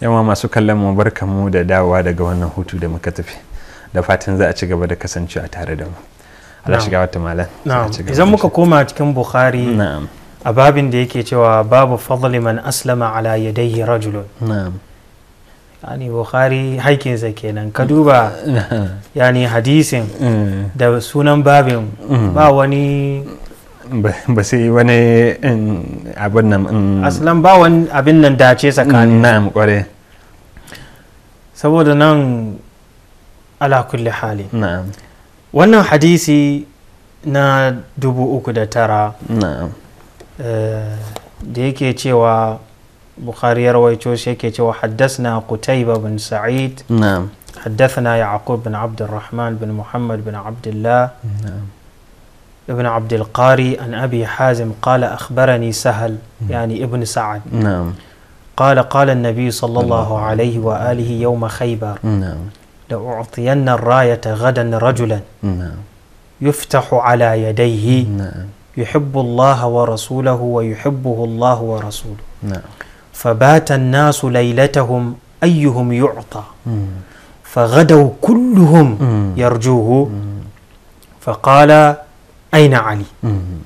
yawa masu kallon mu barka mu da dawowa daga wannan hutu da muka tafi da fatan za a ci gaba da kasancewa tare da mu Allah shiga wata malam idan muka koma cikin bukhari a babin da yake cewa babu fadli man aslama ala yadayhi rajulun yani bukhari haikinsa kenan ka duba yani hadisin mm. da sunan babin mm. ba wani ba sai wani abin nan aslan ba wani abin nan dace tsakanin na'am kware saboda nan ala kulli hali wannan hadisi na dubu uku da tara eh, da yake cewa bukhari ya rawaito shi yake cewa haddasna qutayba bin sa'id na'am na يعقوب bin bin bin bin محمد ابن عبد القاري عن أبي حازم قال أخبرني سهل يعني ابن سعد نعم قال قال النبي صلى الله نعم. عليه وآله يوم خيبر نعم لأعطين الراية غدا رجلا نعم يفتح على يديه نعم يحب الله ورسوله ويحبه الله ورسوله نعم فبات الناس ليلتهم أيهم يعطى فغدوا كلهم يرجوه فقال aina ali mm-hmm.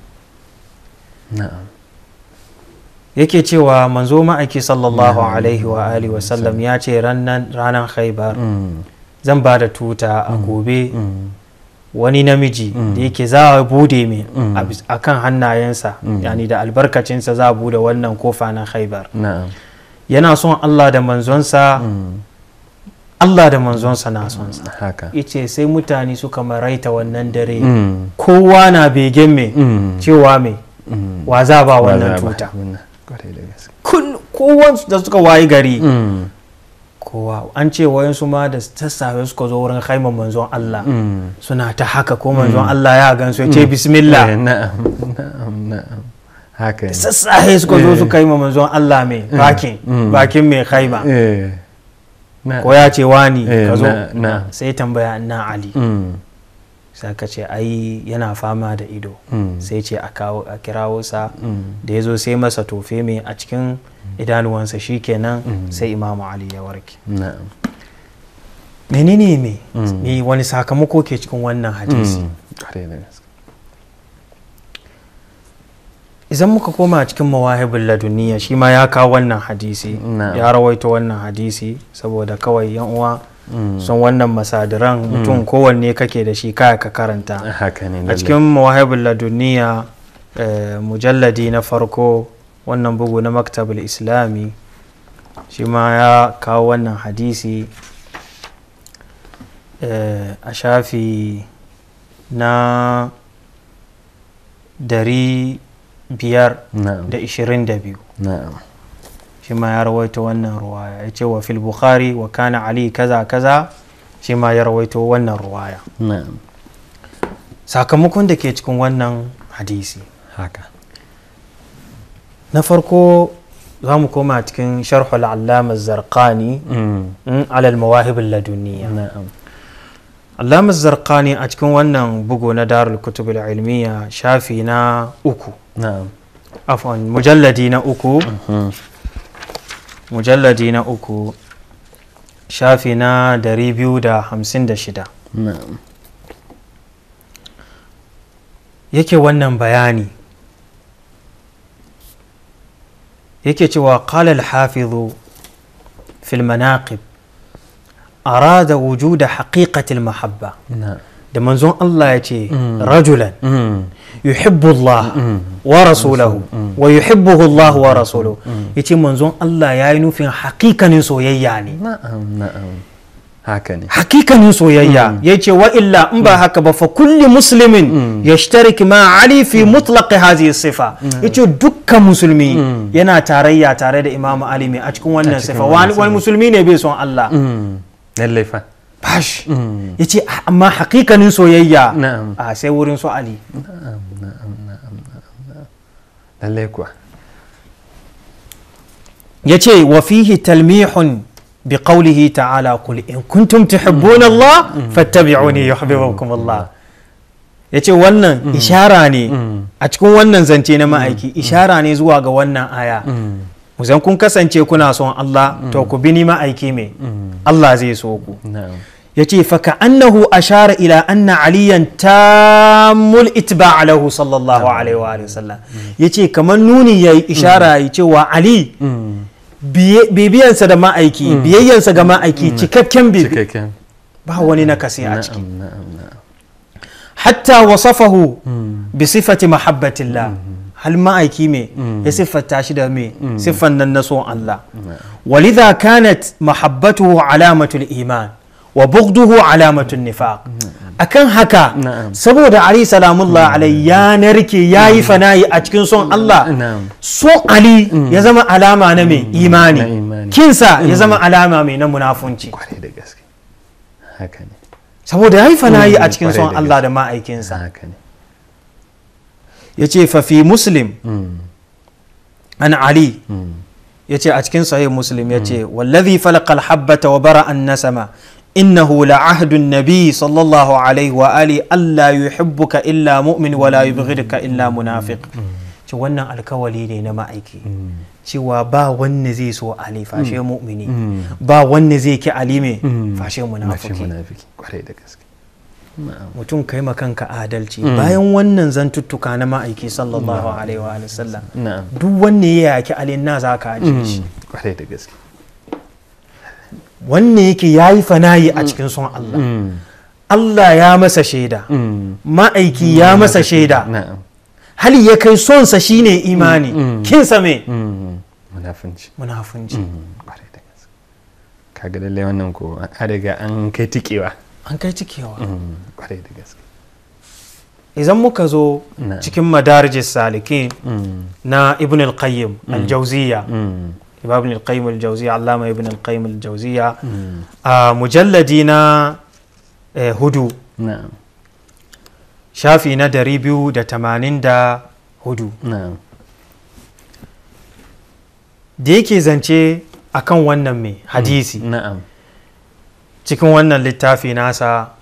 yake cewa manzo ma'aiki sallallahu alaihi wa alihi wa sallam ya ce ranar khaibar mm. zan ba da tuta a mm. gobe mm. wani namiji da yake za a bude mai a kan hannayensa yani da albarkacinsa za a bude wannan kofa na khaibar yana son allah da manzonsa Allah da manzonsa na son sa yace sai mutane suka maraita wannan dare mm. kowa na begen me mm. cewa me mm. wa za ba wannan tuta Kowa da suka wayi gari kowa an ce wayansu ma da sassafe suka zo wurin haiman manzon Allah suna ta haka ko manzon Allah ya gansu ya ce bismillah eh, na'am na'am na'am haka sassafe suka zo suka eh. yi manzon Allah mai bakin bakin mai haima eh. ko ya ce wani eh, ka zo sai tambaya na ali mm. sai ka ce ai yana fama da ido mm. sai ce a kirawo sa mm. da ya zo sai masa tofe mai a cikin idanuwansa shikenan sai imamu ali ya warke menene me wani sakamako ke cikin wannan hadisi idan muka koma a cikin mawahibin laduniya shi ma ya kawo wannan hadisi ya rawaito wannan hadisi saboda kawai yan uwa mm. sun wannan masadiran mm. mutum kowanne kake da shi kaya ka karanta a cikin mawahibin laduniya eh, mujalladi na farko wannan bugu na maktabul islami shi ma ya kawo wannan hadisi eh, a shafi na dari biyar da ishirin da biyu shi ma ya rawaito wannan ruwaya ya ce wa fil bukhari wa kana ali kaza kaza shi ma ya rawaito wannan ruwaya sakamakon da ke cikin wannan hadisi haka na farko za mu koma cikin sharhul allama zarqani mm. Mm, alal mawahib laduniya allama zarqani a cikin wannan bugu na darul kutub ilmiya shafi na uku نعم عفوا مجلدين اوكو مجلدين اوكو شافنا دريبيو دا همسين دا شدا نعم يكي ونن بياني يكي توا قال الحافظ في المناقب أراد وجود حقيقة المحبة نعم da manzon Allah ya ce mm. rajulan mm. yuhibbu Allah mm. wa rasulahu wa yuhibbuhu Allah wa rasulahu yace manzon Allah ya nufin hakikanin soyayya ne haka hakikanin soyayya yace ce wa illa in ba haka ba fa kulli muslimin ya shtariki ma ali fi mutlaq sifa ya dukkan musulmi yana tarayya tare da imamu ali mai a cikin wannan sifa wani musulmi ne bai son allah lallai fa fash mm. ya ce ah, amma hakikanin soyayya a ah, sai wurin su ali ya ce wa fihi talmihun bi qawlihi ta'ala kul in kuntum tuhibbuna mm. Allah mm. fattabi'uni yuhibbukum Allah ya ce wannan ishara ne a cikin wannan zance na ma'aiki ishara ne zuwa ga wannan aya zan kun kasance kuna son Allah to ku bi ni ma'aiki mai Allah zai so ku ya ce faka annahu ashara ila anna aliyan tamul itba alahu sallallahu alaihi wa sallam mm. ya ce kamar nuni ya yi ishara mm. ya wa ali mm. bibiyansa da ma'aiki biyayyansa ga ma'aiki cikakken bibi ba wani nakasi a ciki hatta wasafahu bi sifati mahabbatillah hal ma'aiki me ya siffata shi da me siffan nan na Allah walidha kanat mahabbatuhu alamatul iman wa bugduhu alamatun nifaq akan haka saboda ali salamullah alai ya narke ya yi fana'i a cikin son Allah so ali mm. ya zama alama na mai mm. imani kinsa ya mm. zama alama mai na munafunci saboda ya yi fana'i a cikin son Allah da ma'aikinsa ya ce fafi muslim an ali ya ce a cikin sahih muslim ya ce wallazi falakal habbata wa bara an nasama inna hula ahdun صلى الله عليه وآله ألا يحبك إلا مؤمن ولا يبغضك إلا منافق ce wannan alkawali ne na ma'aiki cewa ba wanne zai so ali fashe mu'mini ba wanne zai ki ali me fashe munafiki kwarai da gaske mutum kai kanka adalci bayan wannan zantuttuka na ma'aiki sallallahu alaihi wa sallam duk wanne ya yaki ali na zaka ajiye shi wanne yake ya yi fanayi a cikin son Allah mm. Mm. Allah ya masa shaida mm. ma'aiki ya masa shaida hali ya kai sonsa shine imani kinsa me munafunci munafunci kaga lallai wannan ko an riga an kai tikewa an kai tikewa kwarai da gaske idan muka zo cikin madarijis salikin na ibn al-qayyim al-jawziya imam ibn al-qayyim al-jawziya allama hmm. a ah, mujalladi na eh, hudu shafi na ɗari biyu da tamanin da hudu da yake zance akan wannan mai hadisi hmm. cikin wannan littafi nasa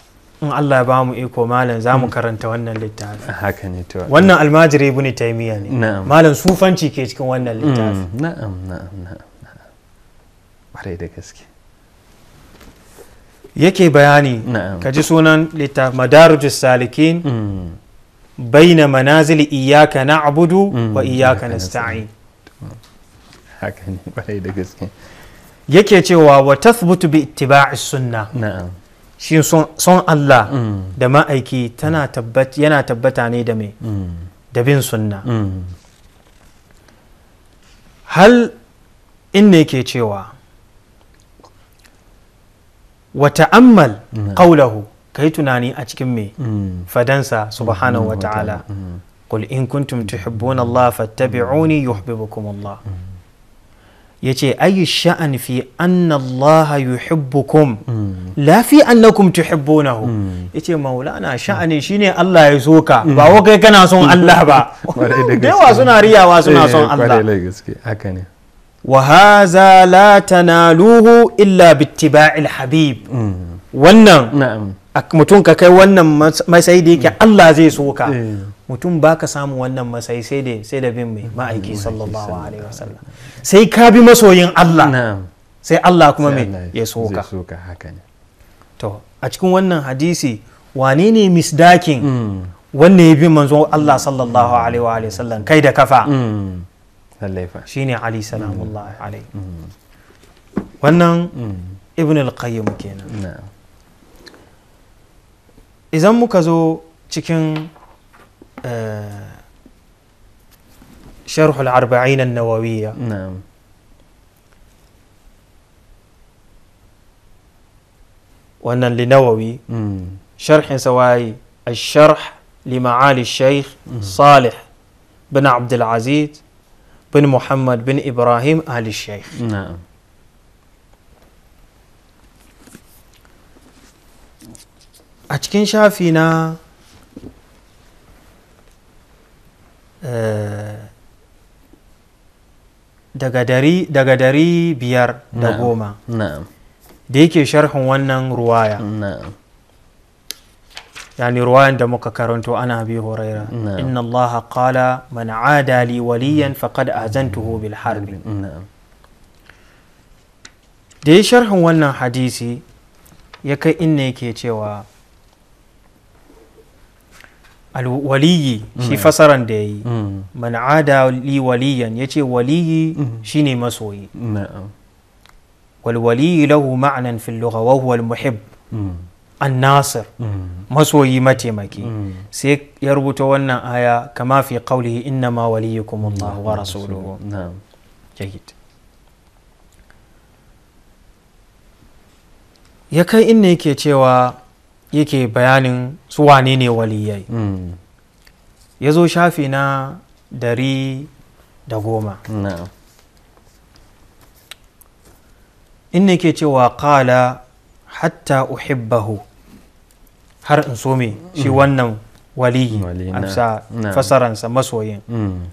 in Allah ya mu iko malam za mu mm. karanta wannan littafi haka ne to wannan almajiri ibn taymiya ne malam sufanci ke cikin wannan mm, littafi na'am na'am na'am da gaske yake bayani ka ji sunan littafi Madarujus salikin mm. baina manazil iyyaka na'budu wa iyyaka nasta'in haka ne da gaske yake cewa wa tathbutu bi ittiba'is sunna na'am shi son Allah mm. da ma'aiki mm. yana tabbata ne da mai mm. da bin sunna hal in ne ke cewa wa ta'ammal qawlahu kai tunani a cikin me fadansa subhanahu wa ta'ala qul in kuntum tuhibbuna Allah fattabi'uni yuhibbukum Allah ya ce ayi sha'an fi annallaha kum mm. la fi annakum tuhibbunahu mm. ya ce maulana sha'ani shine Allah ya so ka mm. ba kai kana son Allah ba yawa suna riyawa suna eh, son Allah wa haza la tanaluhu illa bittiba'il habib wannan mutum ka kai wannan masai da yake Allah zai so ka eh. mutum ba ka samu wannan masai sai da sai da bin mai ma'aiki sallallahu alaihi wasallam sai ka bi masoyin Allah sai Allah kuma mai ya soka to a cikin wannan hadisi wane ne misdakin mm. wanne ya bi manzo Allah sallallahu mm. alaihi wa sallam kai da kafa mm. ne Ali salamullahi alaihi wannan ibn al-qayyim kenan idan muka zo cikin آه، شرح الأربعين النووية نعم وأن لنووي شرح سواي الشرح لمعالي الشيخ صالح بن عبد العزيز بن محمد بن إبراهيم آل الشيخ نعم أتكين شافينا Eh, daga dari biyar da goma da yake sharhin wannan ruwaya yani ruwayan da muka karanto ana bi horaira inna Allah mana man ada li a zan tuho bil harbi da ya sharhin wannan hadisi ya kai inna yake cewa alwaliyi shi mm. fasaran da ya yi mm. man ada li waliyan ya ce waliyi mm. shine masoyi walwaliyi lahu ma'anan fil lugha huwa almuhib annasir masoyi mataimaki sai ya rubuta wannan aya kama fi qawlihi inna ma waliyukum Allah wa rasuluhu jahid ya kai inna yake cewa yake bayanin su wane ne waliyai hmm. ya zo shafi na dari da goma inda ke cewa kala hatta uhibbahu har in so me shi hmm. wannan waliyi amsa fasaransa masoyin hmm.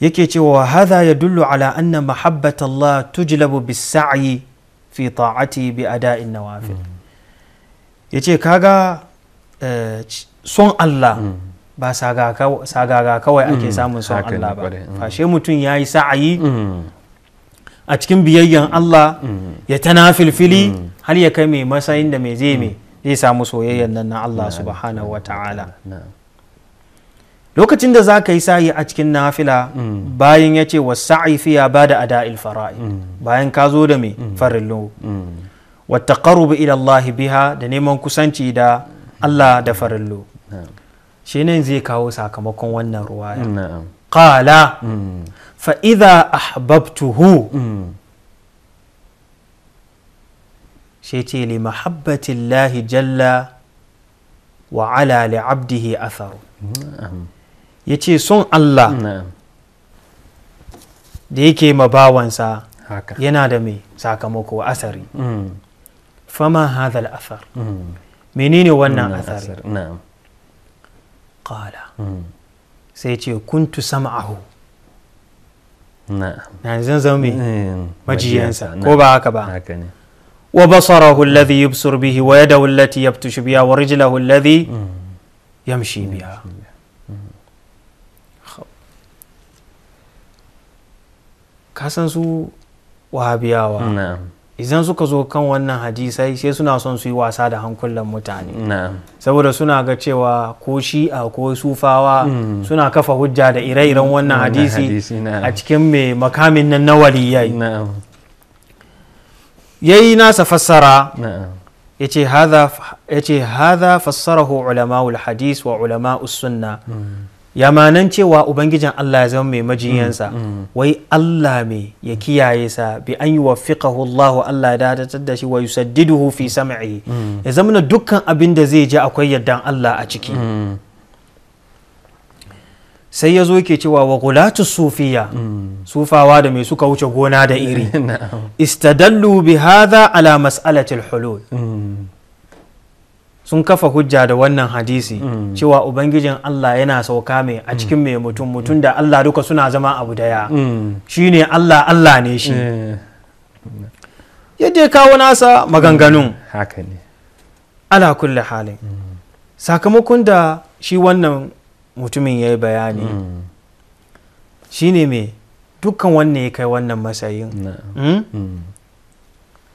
yake cewa hadha ya dullu ala anna mahabbatallah Allah tujlabu bis sa'yi fi ta'ati bi ada'in nawafil ya ce kaga eh, son Allah mm. ba sagaga kawai ake mm. samun son Allah ba mm. fashe mutum ya yi sa'ayi a cikin biyayyan Allah ya tana filfili har ya kai mai matsayin da mai zai zai samu soyayyan nan na Allah subhanahu wa ta'ala lokacin da za ka yi sa'ayi a cikin nafila bayan ya ce wa sa'i fiya ba da ada'il fara'i bayan ka zo da mai farin lo wata ƙarubu Allah biha da neman kusanci da Allah da farillo shi ne zai kawo sakamakon wannan ruwaya ƙala fa'iza ahbabtuhu shi ce li mahabbatillahi jalla wa ala li abdihi atharu ya ce sun Allah da yake ma bawansa yana da mai sakamako asari فما هذا الأثر منين وانا أثر نعم قال سيتي كنت سمعه نعم يعني زين زومي مجيئنسا نعم. كوبا هكبا وبصره الذي يبصر به ويده التي يبتش بها ورجله الذي يمشي بها kasan su نعم idan suka zo kan wannan hadisai sai suna son su yi wasa da hankulan mutane saboda suna ga cewa ko shi'a ko sufawa hmm. suna kafa hujja da ire-iren hmm. wannan hadisi a cikin mai makamin nan na waliyai ya yi nasa fassara ya ce haza fassarahu ul hadis wa ulama'ul sunna hmm. ya manan cewa ubangijin Allah ya zama mai majiyansa mm, mm. wai Allah mai ya kiyaye sa bi an yuwaffiqahu Allah Allah ya dadatar da shi wa yusaddiduhu fi sam'i mm. ya zama dukkan abin da zai ji akwai yardan Allah a ciki sai ya zo ke cewa wa gulatu sufiya sufawa da mai suka wuce gona da iri istadallu bi haza ala mas'alatil hulul sun kafa hujja da wannan hadisi mm. cewa ubangijin Allah yana sauka mai a mm. cikin mai mutum mutum da Allah duka suna zama abu daya mm. shi ne Allah Allah ne shi eh. yadda kawo nasa maganganun mm. ala kulle halin sakamakon da shi wannan mutumin ya yi bayani shi ne mai dukkan wanne ya kai wannan matsayin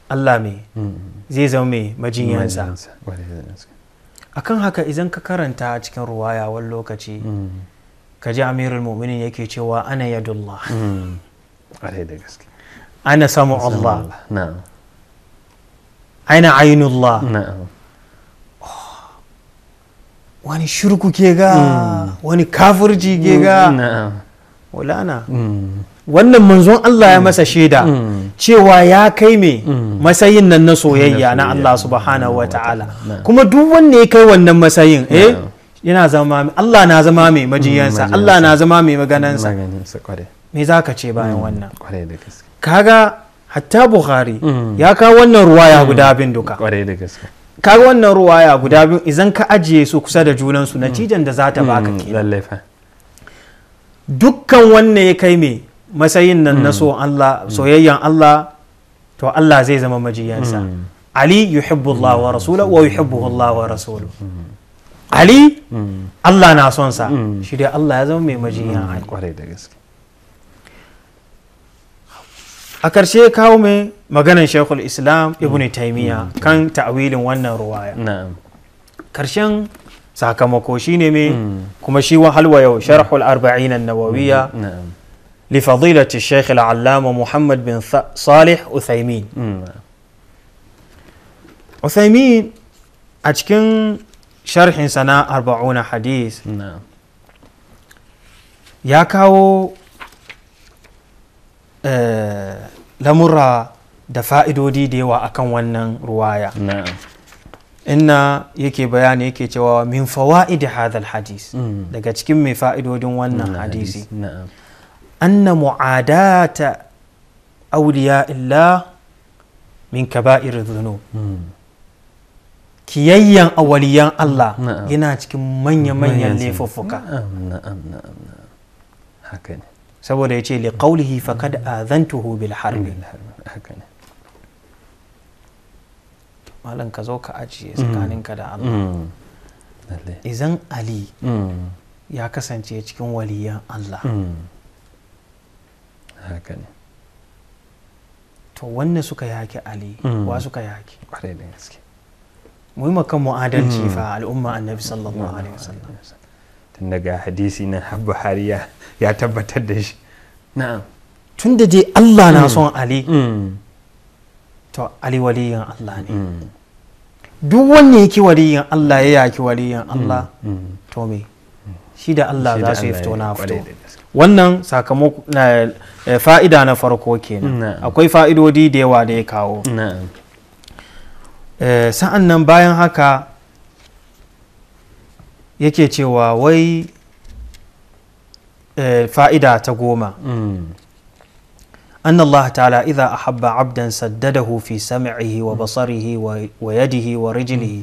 Allah mai hmm. zai zama mai majinyansa akan haka idan ka karanta a cikin ruwaya wani lokaci hmm. ka ji amirul mu'minin yake cewa ana yadullah hmm. ana samu Allah ana ainullah oh. wani shirku ke ga wani kafurji ke ga maulana mm. wannan manzon Allah ya mm. masa shaida mm. cewa ya kai me masayin nan na soyayya na Allah subhanahu wa ta'ala kuma duk wanda ya kai wannan masayin eh, yana zama Allah na zama mai majiyansa Allah na zama mai maganansa me za ka ce bayan wannan kaga hatta bukhari ya kawo wannan ruwaya guda bin duka kaga wannan ruwaya guda bin idan ka ajiye su kusa da junansu natijan da za ta baka ke dukkan wanne ya kai me matsayin nan na hmm. so Allah hmm. soyayyan Allah to Allah zai zama majiyansa hmm. Ali yuhibbu Allah wa rasuluhu wa yuhibbu Allah wa rasuluhu Ali Allah na son sa shi dai Allah ya zama mai majiyan Ali da gaske a ƙarshe ya kawo mai maganan shekul islam ibn taimiyya kan ta'awilin wannan ruwaya ƙarshen sakamako shine me hmm. kuma shi wa halwa yau sharhul arba'in an-nawawiyya hmm. li fadilati shaykh al-allama muhammad bin salih uthaymin hmm, uthaymin a cikin sharhin sana arba'una hadis ya kawo eh, lamura da fa'idodi da yawa akan wannan ruwaya inna yake bayani yake cewa min fawa'id hadha hadis mm. daga cikin mai fa'idodin wannan hadisi anna mu'adata awliya illa min kaba'ir dhunub mm. kiyayyan awaliyan Allah yana cikin manya-manyan laifuffuka saboda yace ce liƙaulihi faƙad mm. azantuhu bil harbi malam ka zo ka ajiye tsakaninka da Allah mm. mm. izan ali mm. ya kasance cikin waliyan Allah haka ne to wanne suka yaki ali wa suka yaki ƙwarai da gaske mu'adalci fa al'umma annabi sallallahu alaihi wasallam tun daga hadisi na Habu buhari ya tabbatar da shi na'am tun da je Allah na son ali to ali waliyan Allah ne duk wanda yake waliyin Allah ya yaki waliyin mm, Allah mm. to me shi da Allah za su yi fito na fito wannan sakamako eh, fa'ida na farko kenan akwai fa'idodi da yawa da ya kawo eh, sa'an nan bayan haka yake cewa wai eh, fa'ida ta goma mm. أن الله تعالى إذا أحب عبدا سدده في سمعه وبصره ويده ورجله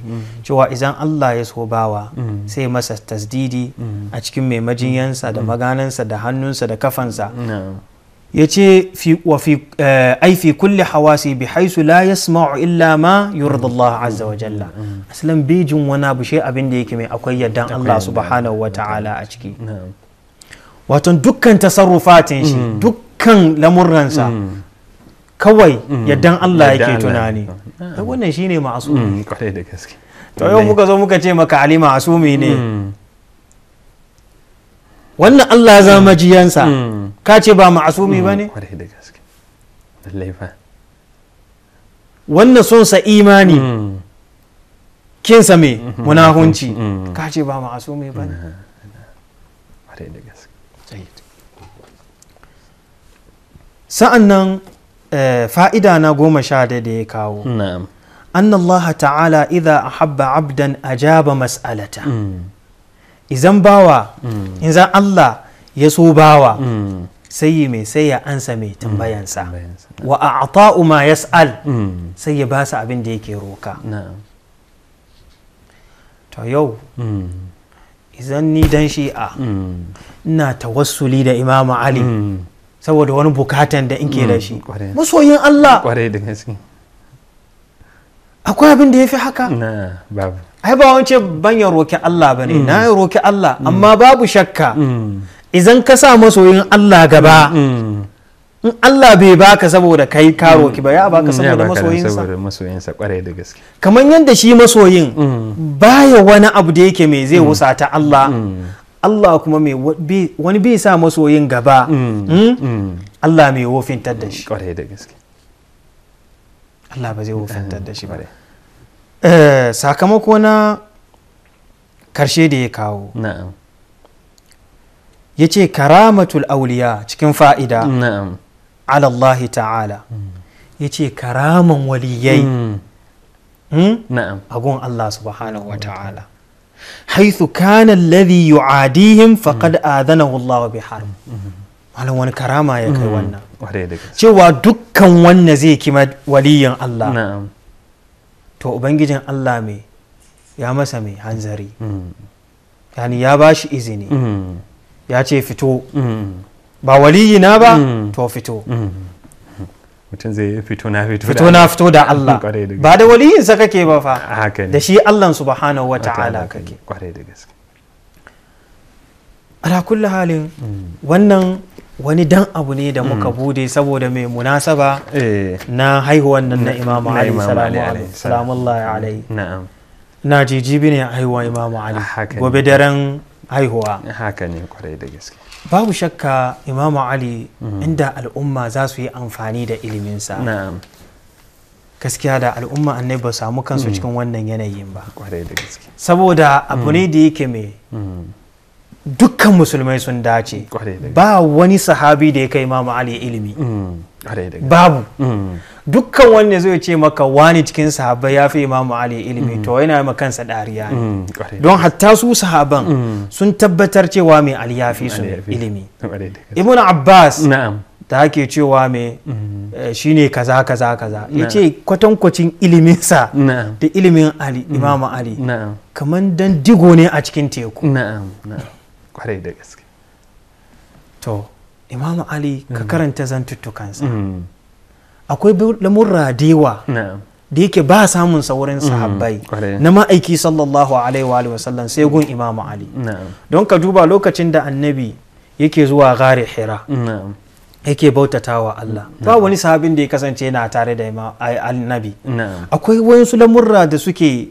cewa idan Allah ya so bawa sai masa tasdidi a cikin mai majiyansa da maganansa da hannunsa da kafansa ya ce ai fi kulli hawasi bi haisu la yasma'u illa ma yurda Allah azza wa jalla aslan bijin wani abu abin da yake mai akwai yadan Allah subhanahu wa ta'ala a ciki wato dukkan tasarrufatin shi duk kan lamurransa mm. kawai mm. yaddan Allah yake tunani mm. wannan shine masu kwarai da gaske to yau muka zo muka ce maka ali masu ne wannan Allah za majiyansa ka ce ba masu ma'asumi ba ne kwarai da gaske wannan son sa imani kinsa me mm-hmm. munahunci ka ce ba masu ma'asumi ba ne mm-hmm. sa'an nan eh, fa'ida na goma sha da ya kawo an Allah ta'ala idha ahabba abdan ajaba mas'alata mm. izan bawa mm. in za Allah ya so bawa mm. sai mai sai ya ansa mai tambayansa wa a a'ta'u ma yas'al sai ya su abin da yake roka to yau izan ni dan shi'a ina tawassuli da imamu ali saboda wani bukatan da in ke da mm, shi masoyin Allah akwai abin da ya fi haka ai ba wance ban ya roki Allah ba ne mm. na roki Allah mm. amma babu shakka idan ka sa masoyin Allah gaba in Allah bai baka saboda kai ka ki ba ya baka saboda masoyinsa masoyinsa kwarai da gaske kamar yadda shi masoyin baya wani abu da yake mai zai wusa ta Allah Allah kuma mai wani bai sa masoyin gaba mm, hmm? mm. Allah mai wofintar da mm, shi kwarai da gaske Allah ba zai wofintar da shi ba eh, eh, sakamako na karshe da ya kawo ya ce karamatul auliya cikin fa'ida ala Allah ta'ala ya ce karaman waliyai hmm? a gun Allah subhanahu wa ta'ala haithu kana alladhi yu'adihim faqad adhanahu Allah bi harb malam wani karama ya kai wannan cewa dukkan wanda zai kima waliyin Allah to ubangijin Allah mai ya masa mai hanzari yani ya ba shi izini ya ce fito ba waliyina ba to fito mutum zai fito na fito fito na fito da Allah ba da waliyinsa kake ba fa da shi Allah subhanahu wa ta'ala kake kware da gaske ala kullu halin hmm. wannan wani dan abu ne da muka hmm. bude saboda mai munasaba eh. na haihuwan nan na imamu ali salamullahi alai na jijibi ne haihuwa imamu ali gobe daren haihuwa haka ne kware da gaske babu shakka imamu ali mhm. inda al'umma za su yi amfani da iliminsa gaskiya da al'umma annai ba samu kansu mhm. cikin wannan yanayin ba saboda abu ne mhm. da yake mai dukkan musulmai sun dace ba wani sahabi da ya kai imamu ali ilimi mm, babu mm. dukkan wanda zai ce maka wani cikin sahabai ya fi imamu ali ilimi mm. to yana ma kansa dariya ne don hatta su sahaban sun tabbatar cewa mai ali ya fi su ilimi ibn abbas da ake cewa mai eh, shi ne kaza kaza kaza ya ce kwatankwacin iliminsa da ilimin ali imamu ali kamar dan digo ne a cikin teku kwarai da gaske to imam ali ka mm. karanta zantuttukansa mm. akwai lamurra da da yake ba samun saurin mm, sahabbai na ma'aiki sallallahu alaihi wa sallam sai gun imamu ali don ka duba lokacin da annabi yake zuwa gare hira yake bautata wa Allah ba wani sahabin da ya kasance yana tare da annabi akwai wayansu lamurra da suke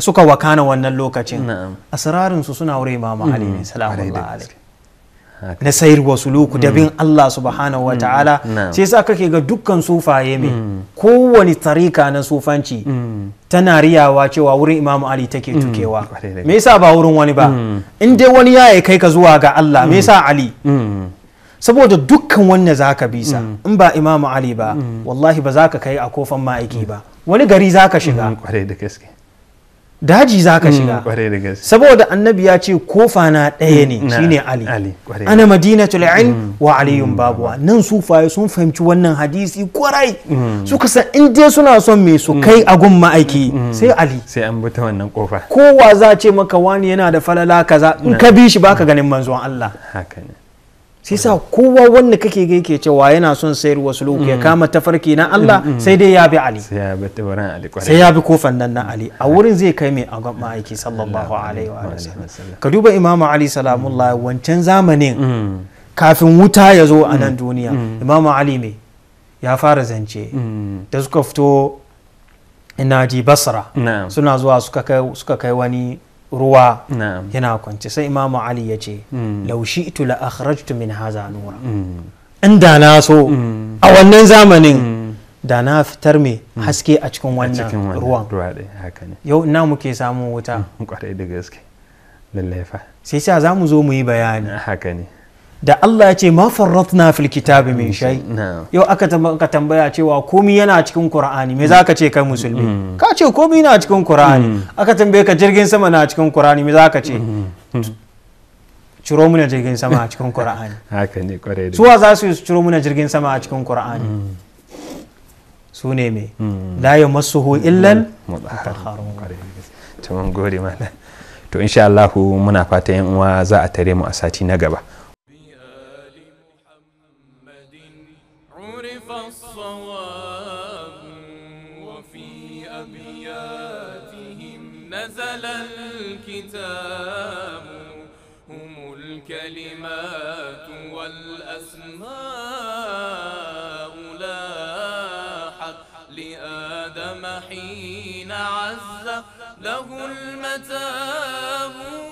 suka wakana wannan lokacin su suna wuri imamu ali mm-hmm. ne salamu na sayar wasu loku da bin mm. Allah subhanahu wa mm. ta'ala sai sa kake ga dukkan sufaye mai mm. kowane tarika na sufanci tana riyawa cewa wurin imamu ali take tukewa me yasa ba wurin wani ba in dai wani ya kai ka zuwa ga Allah me yasa ali saboda dukkan wanda zaka bisa in ba imamu ali ba wallahi ba za ka kai a kofan ma'aiki ba wani gari za ka shiga daji za ka mm, shiga saboda annabi ya ce kofa na ɗaya mm, ne shine ali ana madina ilm mm, wa aliyun babuwa nan sufaye sun fahimci wannan hadisi kwarai suka san in dai suna son me su kai a gun ma'aiki sai ali sai an buta wannan kofa kowa za ce maka wani yana da falala kaza in ka bi shi baka ganin manzon Allah haka ne sai sa kowa wanda kake ga ke cewa yana son sayar wasu lokaci ya mm. kama tafarki na Allah mm, mm. sai dai ya bi Ali sai ya bi kofan nan na Ali a wurin zai kai mai agon ma'aiki sallallahu alaihi wa ka duba imamu Ali salamullah wancan zamanin kafin wuta ya zo a nan duniya imamu Ali mai ya fara zance da suka fito ina basra suna zuwa suka kai wani ruwa yana kwance sai imamu ali ya ce mm. laushi ito la akhrajtu min haza nura mm. inda na so mm. a wannan zamanin da na fitar mai haske a cikin wannan ruwan yau ina muke samun wuta kwarai da gaske lallai sai sa za mu zo mu yi bayani da Allah ya ce ma farratna fil kitabi min shay yau aka tambaya cewa komi yana cikin Qur'ani me zaka ce kai musulmi mm. ka ce komi yana cikin Qur'ani mm. aka tambaye ka jirgin sama na cikin Qur'ani me zaka ce mm-hmm. ciro muna jirgin sama a cikin Qur'ani haka ne kwarai da suwa za su ciro muna jirgin sama a cikin Qur'ani mm. su ne me la yamassuhu illal mutahharun to mun gode mana to insha Allah muna fatan yan uwa za a tare mu a sati na gaba الكلام هم الكلمات والأسماء لاحت لآدم حين عز له المتاب